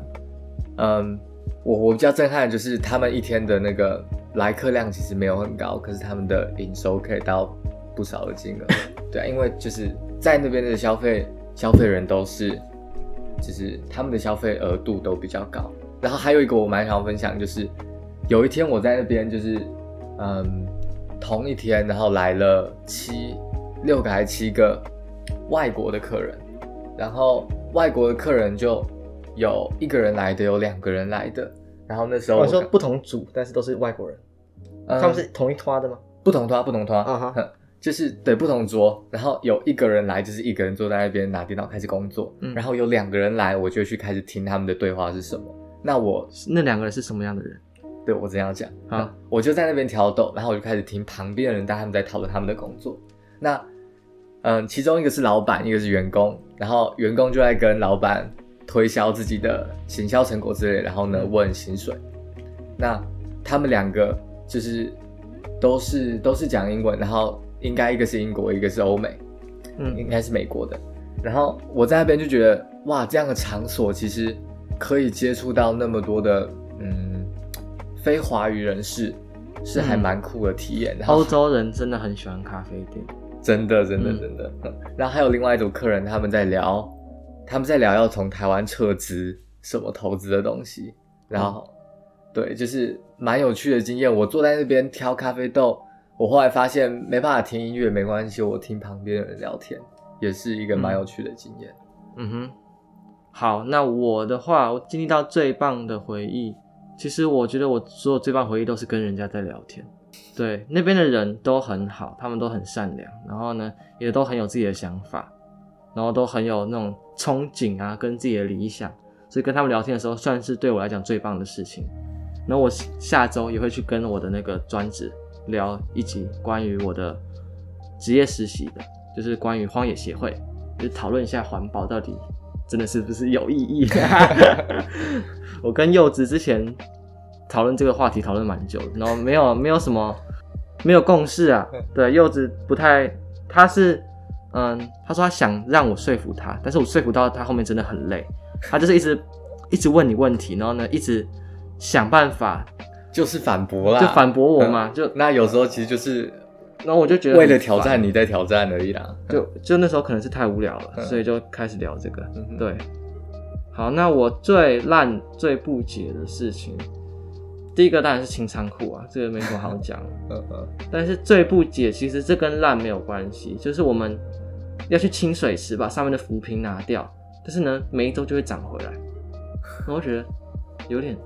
嗯，我我比較震撼的就是他們一天的那個來客量其實沒有很高，可是他們的營收可以到不少的金額。對啊，因為就是在那邊的消費消費人都是，就是他們的消費額度都比較高。然後還有一個我蠻想要分享就是，有一天我在那邊就是，嗯，同一天然後來了七六個還是七個。外國的客人，然後外國的客人就有一個人來的，有兩個人來的。然後那時候我、哦、說不同組，但是都是外國人，嗯、他們是同一桌的嗎？不同桌，不同桌、啊、就是對不同桌。然後有一個人來，就是一個人坐在那邊拿電腦開始工作。嗯、然後有兩個人來，我就去開始聽他們的對話是什麼。那我那兩個人是什麼樣的人？對我這樣講、啊、我就在那邊挑逗，然後我就開始聽旁邊的人，當他們在討論他們的工作。嗯、那。嗯，其中一個是老闆，一個是員工，然後員工就在跟老闆推銷自己的行銷成果之類，然後呢，嗯，問薪水。那他們兩個就是都是都是講英文，然後應該一個是英國，一個是歐美，嗯，應該是美國的。然後我在那邊就覺得，哇，這樣的場所其實可以接觸到那麼多的嗯非華語人士，是還蠻酷的體驗。嗯，歐洲人真的很喜歡咖啡店。真的，真的，真的、嗯。然後還有另外一組客人，他們在聊，他們在聊要從台灣撤資什麼投資的東西。然後、嗯，對，就是蠻有趣的經驗。我坐在那邊挑咖啡豆，我後來發現沒辦法聽音樂，沒關係，我聽旁邊的人聊天，也是一個蠻有趣的經驗。嗯，嗯哼，好，那我的話，我經歷到最棒的回憶，其實我覺得我所有最棒回憶都是跟人家在聊天。對，那邊的人都很好，他們都很善良，然後呢，也都很有自己的想法，然後都很有那種憧憬啊，跟自己的理想，所以跟他們聊天的時候，算是對我來講最棒的事情。那我下周也會去跟我的那個專職聊一集關於我的職業實習的，就是關於荒野協會，就是、討論一下環保到底真的是不是有意義。 我跟柚子之前。討論這個話題討論蠻久的，然後沒有沒有什麼沒有共識啊。對，柚子不太，他是嗯，他說他想讓我說服他，但是我說服到他後面真的很累，他就是一直一直問你問題，然後呢，一直想辦法，就是反駁啦，就反駁我嘛，就那有時候其實就是，然後我就覺得為了挑戰你在挑戰而已啦。就就那時候可能是太無聊了，所以就開始聊這個。嗯、對，好，那我最爛最不解的事情。第一個當然是清倉庫啊，這個沒什麼好講。 但是最不解，其實這跟爛沒有關係，就是我們要去清水池把上面的浮萍拿掉，但是呢，每一周就會長回來。我覺得有點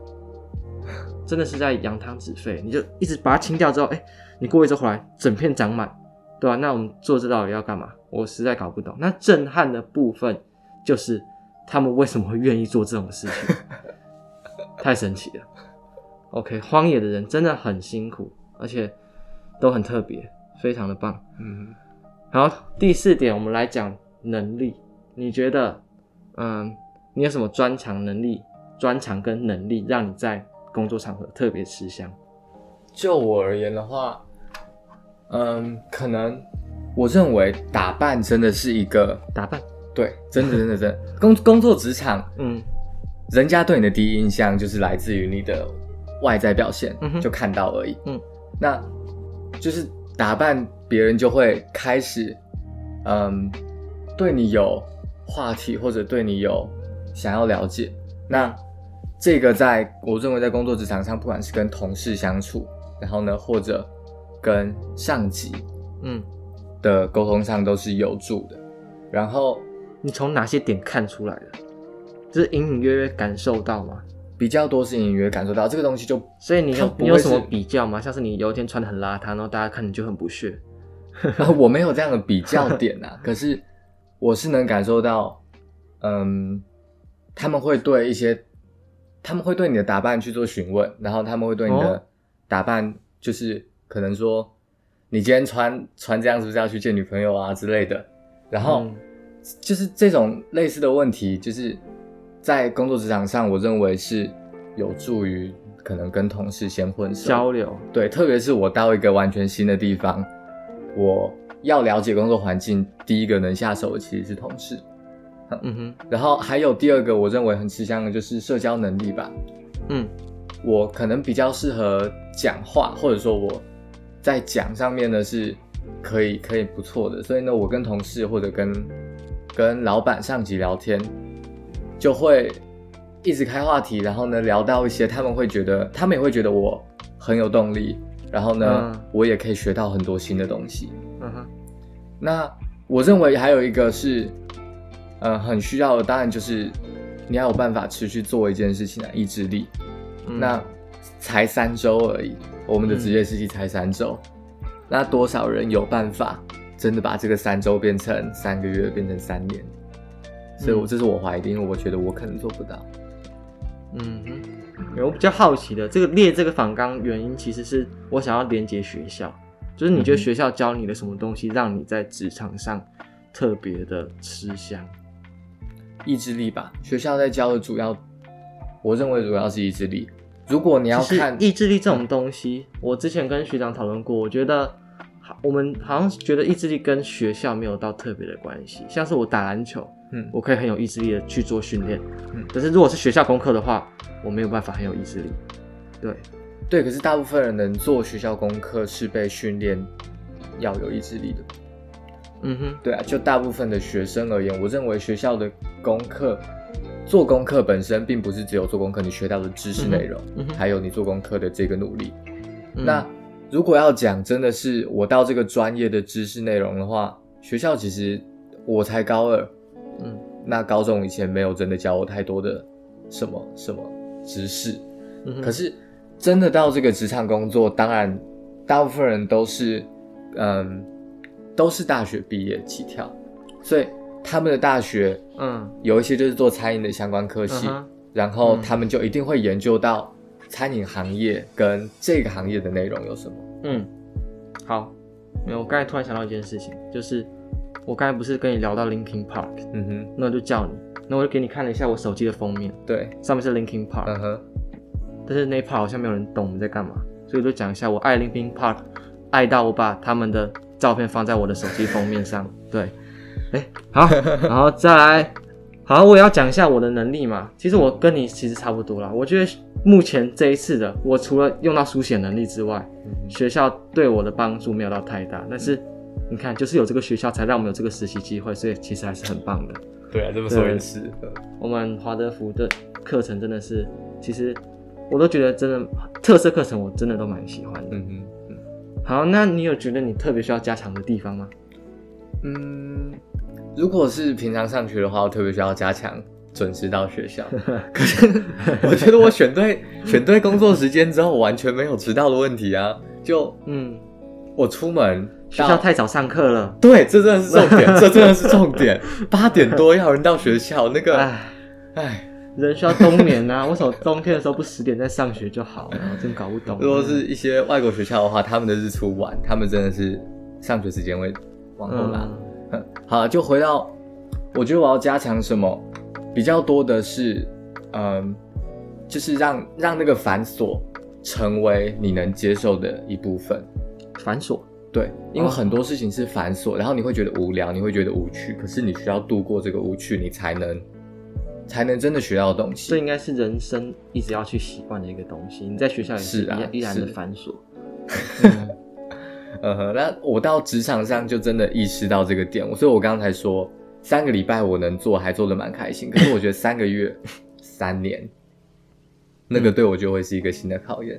真的是在揚湯止沸，你就一直把它清掉之後，哎、欸，你過一周回來，整片長滿，對吧、啊？那我們做這到底要幹嘛？我實在搞不懂。那震撼的部分就是他們為什麼會願意做這種事情， 太神奇了。OK，荒野的人真的很辛苦，而且都很特別，非常的棒。嗯，好，第四點，我們來講能力。你覺得，嗯，你有什麼專長能力、專長跟能力，讓你在工作場合特別吃香？就我而言的話，嗯，可能我認為打扮真的是一個打扮，對，真的真的真的，工 工作職場，嗯，人家對你的第一印象就是來自於你的。外在表現，嗯就看到而已，嗯，嗯，那就是打扮，別人就會開始，嗯，對你有話題或者對你有想要了解，那這個在我認為在工作職場上，不管是跟同事相處，然後呢，或者跟上級，嗯，的溝通上都是有助的。嗯、然後你從哪些點看出來的？就是隱隱約約感受到嗎？比較多是隱約感受到這個東西就，就所以你有不會，你有什麼比較嗎？像是你有一天穿的很邋遢，然後大家看你就很不屑。呃、我沒有這樣的比較點啊， 可是我是能感受到，嗯，他們會對一些，他們會對你的打扮去做詢問，然後他們會對你的打扮就是可能說，哦、你今天穿穿這樣是不是要去見女朋友啊之類的，然後、嗯、就是這種類似的問題就是。在工作職場上，我認為是有助於可能跟同事先混熟，交流，對，特別是我到一個完全新的地方，我要了解工作環境，第一個能下手的其實是同事，嗯哼，嗯，然後還有第二個我認為很吃香的就是社交能力吧，嗯，我可能比較適合講話，或者說我在講上面呢是可以可以不錯的，所以呢，我跟同事或者跟跟老闆上級聊天，就會一直開話題，然後呢聊到一些，他們會覺得，他們也會覺得我很有動力，然後呢，嗯、我也可以學到很多新的東西。嗯哼。那我認為還有一個是，呃，很需要的，當然就是你要有辦法持續做一件事情啊，意志力。嗯、那才三週而已，我們的職業實習才三週，嗯，那多少人有辦法真的把這個三週變成三個月，變成三年？所以，我，這是我懷疑的，因、嗯、為我覺得我可能做不到。嗯哼，我比較好奇的這個列這個訪綱原因，其實是我想要連接學校，就是你覺得學校教你的什麼東西，讓你在職場上特別的吃香、嗯？意志力吧，學校在教的主要，我認為主要是意志力。如果你要看意志力這種東西，嗯、我之前跟學長討論過，我覺得，我們好像覺得意志力跟學校沒有到特別的關係，像是我打籃球。嗯，我可以很有意志力的去做訓練，嗯，可是如果是學校功課的話，我沒有辦法很有意志力，對，對，可是大部分人能做學校功課是被訓練要有意志力的，嗯哼，對啊，就大部分的學生而言，我認為學校的功課做功課本身並不是只有做功課你學到的知識內容，嗯嗯，還有你做功課的這個努力，嗯，那，如果要講真的是我到這個專業的知識內容的話，學校其實我才高二。嗯，那高中以前沒有真的教我太多的什麼什麼知識，嗯，可是真的到這個職場工作，當然大部分人都是，嗯，都是大學畢業起跳，所以他們的大學，嗯，有一些就是做餐飲的相關科系，嗯，然後他們就一定會研究到餐飲行業跟這個行業的內容有什麼，嗯，嗯，好，沒有，我剛才突然想到一件事情，就是。我剛才不是跟你聊到 Linkin Park，嗯哼，那我就叫你，那我就給你看了一下我手機的封面，對，上面是 Linkin Park，嗯、uh、哼 -huh，但是那一 part 好像沒有人懂我們在幹嘛，所以就講一下我愛 Linkin Park，愛到我把他們的照片放在我的手機封面上， 對，哎、欸，好，然後再來，好，我也要講一下我的能力嘛，其實我跟你其實差不多啦，我覺得目前這一次的，我除了用到書寫能力之外、嗯，學校對我的幫助沒有到太大，但是，嗯你看，就是有這個學校才讓我們有這個實習機會，所以其實還是很棒的。對啊，這麼說也是。我們華德福的課程真的是，其實我都覺得真的特色課程，我真的都蠻喜歡的。嗯嗯嗯。好，那你有覺得你特別需要加強的地方嗎？嗯，如果是平常上學的話，我特別需要加強準時到學校。可 是我覺得我選對 選對工作時間之後，完全沒有遲到的問題啊。就嗯。我出門，學校太早上課了。對，這真的是重點， 這真的是重點。八點多要人到學校， 那個，哎，人需要冬眠吶、啊。為什麼冬天的時候不十點再上學就好了、啊？我真搞不懂、啊。如果是一些外國學校的話，他們的日出晚，他們真的是上學時間會往後拉。嗯、 好就回到，我覺得我要加強什麼比較多的是，嗯，就是讓讓那個繁瑣成為你能接受的一部分。繁瑣，對，因、哦、為很多事情是繁瑣，然後你會覺得無聊，你會覺得無趣，可是你需要度過這個無趣，你才能才能真的學到東西。這應該是人生一直要去習慣的一個東西。你在學校也是依然，是、啊、依然的繁瑣、嗯 嗯。那我到職場上就真的意識到這個點，所以我剛才說三個禮拜我能做，還做得蠻開心，可是我覺得三個月、 三年，那個對我就會是一個新的考驗。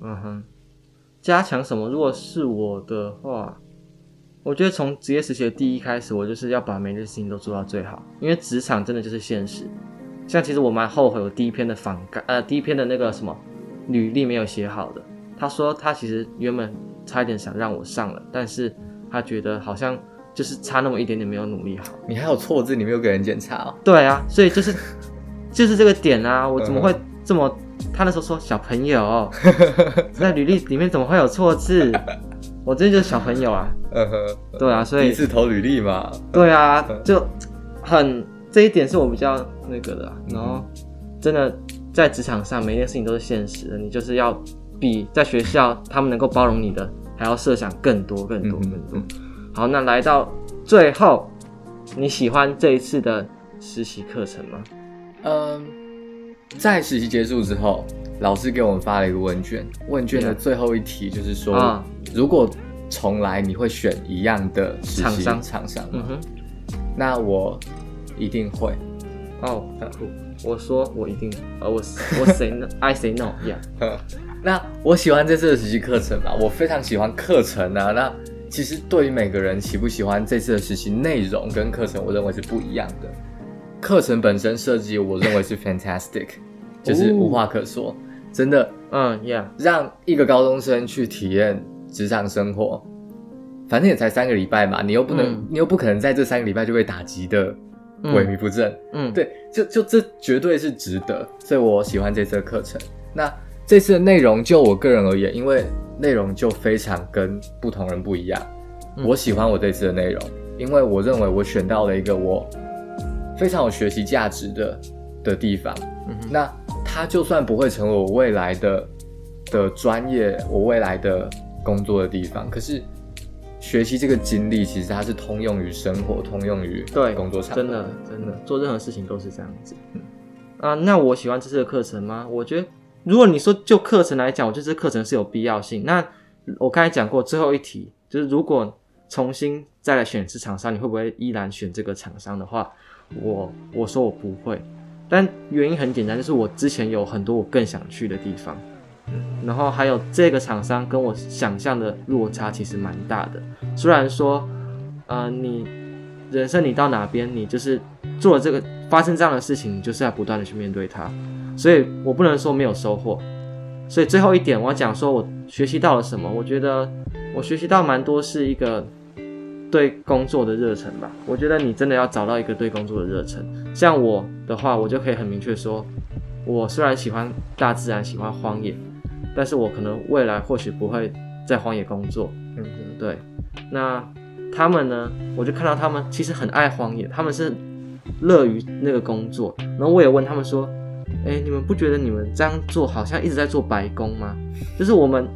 嗯哼。加強什麼？如果是我的話，我覺得從職業實習的第一開始，我就是要把每件事情都做到最好，因為職場真的就是現實。像其實我蠻後悔，我第一篇的反感，呃，第一篇的那個什麼履歷沒有寫好的。他說他其實原本差一點想讓我上了，但是他覺得好像就是差那麼一點點沒有努力好。你還有錯字，你沒有給人檢查哦。對啊，所以就是就是這個點啊，我怎麼會這麼。他那時候說：“小朋友， 在履歷裡面怎麼會有錯字？ 我這就是小朋友啊。”嗯哼，對啊，所以第一次投履歷嘛？ 對啊，就很這一點是我比較那個的、嗯。然後，真的在職場上，每一件事情都是現實的，你就是要比在學校他們能夠包容你的，還要設想更多、更，更多、更、嗯、多。好，那來到最後，你喜歡這一次的實習課程嗎？嗯。在實習結束之後，老師給我們發了一個問卷。問卷的最後一題就是說，Yeah. Uh, 如果重來，你會選一樣的廠商？廠商嗎？嗯哼。那我一定會。哦，酷。我說我一定。我我 say I say no，yeah say no. 那我喜歡這次的實習課程吧？我非常喜歡課程啊。那其實對於每個人喜不喜歡這次的實習內容跟課程，我認為是不一樣的。課程本身設計，我認為是 fantastic， 就是無話可說，哦、真的，嗯，yeah. 讓一個高中生去體驗職場生活，反正也才三個禮拜嘛，你又不能、嗯，你又不可能在這三個禮拜就被打擊的萎靡不振，嗯，對，就就，就這絕對是值得，所以我喜歡這次的課程。那這次的內容，就我個人而言，因為內容就非常跟不同人不一樣，嗯、我喜歡我這次的內容，因為我認為我選到了一個我。非常有學習價值的的地方，嗯哼，那它就算不會成為我未來的的專業，我未來的工作的地方，可是學習這個經歷其實它是通用於生活，通用於對工作上。真的真的做任何事情都是這樣子。嗯、啊，那我喜歡這次的課程嗎？我覺得，如果你說就課程來講，我覺得這課程是有必要性。那我剛才講過最後一題，就是如果重新再來選一次廠商，你會不會依然選這個廠商的話？我我說我不會，但原因很簡單，就是我之前有很多我更想去的地方，嗯，然後還有這個廠商跟我想象的落差其實蠻大的。雖然說，呃，你人生你到哪邊，你就是做了這個發生這樣的事情，你就是要不斷的去面對它。所以我不能說沒有收穫。所以最後一點，我要講說我學習到了什麼，我覺得我學習到蠻多是一個。對工作的熱忱吧，我覺得你真的要找到一個對工作的熱忱。像我的話，我就可以很明確說，我雖然喜歡大自然，喜歡荒野，但是我可能未來或許不會在荒野工作。嗯，對。那他們呢？我就看到他們其實很愛荒野，他們是樂於那個工作。然後我也問他們說，誒，你們不覺得你們這樣做好像一直在做白工嗎？就是我們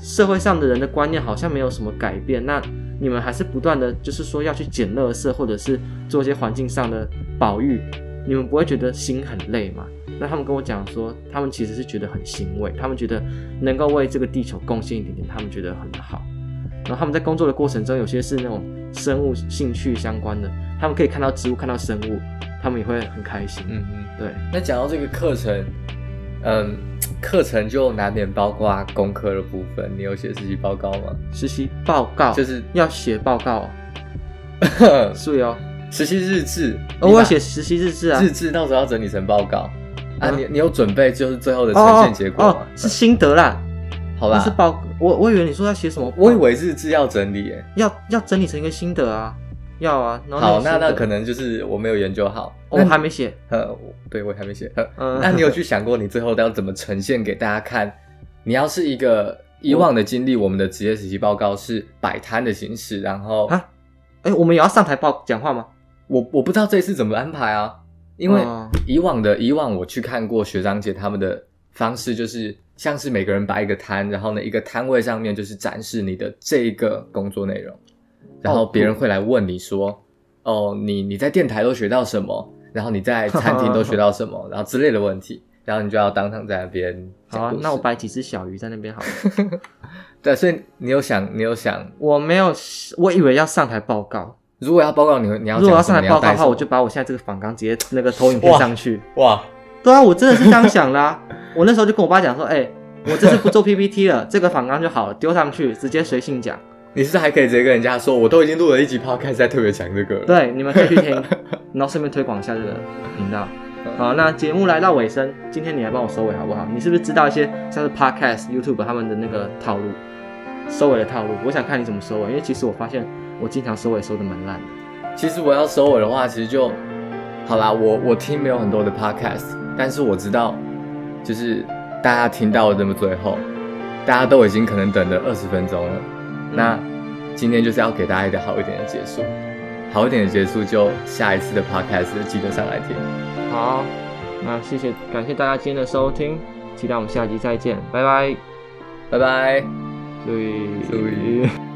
社會上的人的觀念好像沒有什麼改變。那你們還是不斷的就是說要去撿垃圾，或者是做一些環境上的保育，你們不會覺得心很累嗎？那他們跟我講說，他們其實是覺得很欣慰，他們覺得能夠為這個地球貢獻一點點，他們覺得很好。然後他們在工作的過程中，有些是那種生物興趣相關的，他們可以看到植物，看到生物，他們也會很開心。嗯嗯，對。那講到這個課程，嗯。課程就難免包括工科的部分。你有寫實習報告嗎？實習報告就是要寫報告，是哦。 實習日誌、哦，我要寫實習日誌啊。日誌到時候要整理成報告啊。你你有準備就是最後的呈現結果嗎？哦哦哦 是心得啦，好吧？是報，我我以為你說要寫什麼，我以為日誌要整理，要要整理成一個心得啊，要啊。好，嗯、那那可能就是我沒有研究好。我、嗯、還沒寫，呃，對，我還沒寫、嗯。那你有去想過你最後要怎麼呈現給大家看？你要是一個以往的經歷、啊欸，我們的職業實習報告是擺攤的形式，然後啊，哎，我們也要上台報講話嗎？我我不知道這次怎麼安排啊，因為以往的、嗯、以往，我去看過學長姐他們的方式，就是像是每個人擺一個攤，然後呢，一個攤位上面就是展示你的這一個工作內容，然後別人會來問你說，哦，哦哦哦你你在電台都學到什麼？然後你在餐廳都學到什麼， 然後之類的問題，然後你就要當場在那邊。好啊，那我擺幾只小魚在那邊好了。 對，所以你有想，你有想，我沒有，我以為要上台報告。如果要報告你，你你要如果要上台報告的話，的話我就把我現在這個訪綱直接那個投影片上去哇。哇！對啊，我真的是這樣想啦、啊。 我那時候就跟我爸講說，誒、哎、我這次不做 PPT 了， 這個訪綱就好了，丟上去直接隨性講。 嗯你是還可以直接跟人家說，我都已經錄了一集 Podcast，在特別強這個？對，你們可以去聽， 然後順便推廣一下這個頻道。好，那節目來到尾聲，今天你來幫我收尾好不好？你是不是知道一些像是 Podcast、YouTube 他們的那個套路，收尾的套路？我想看你怎麼收尾，因為其實我發現我經常收尾收得蠻爛的。其實我要收尾的話，其實就好啦。我我聽沒有很多的 Podcast，但是我知道，就是大家聽到了這麼最後，大家都已經可能等了二十分鐘了。那今天就是要給大家一個好一點的結束，好一點的結束，就下一次的 Podcast 記得上來聽。好，那謝謝，感謝大家今天的收聽，期待我們下集再見，拜拜，拜拜，注意注意。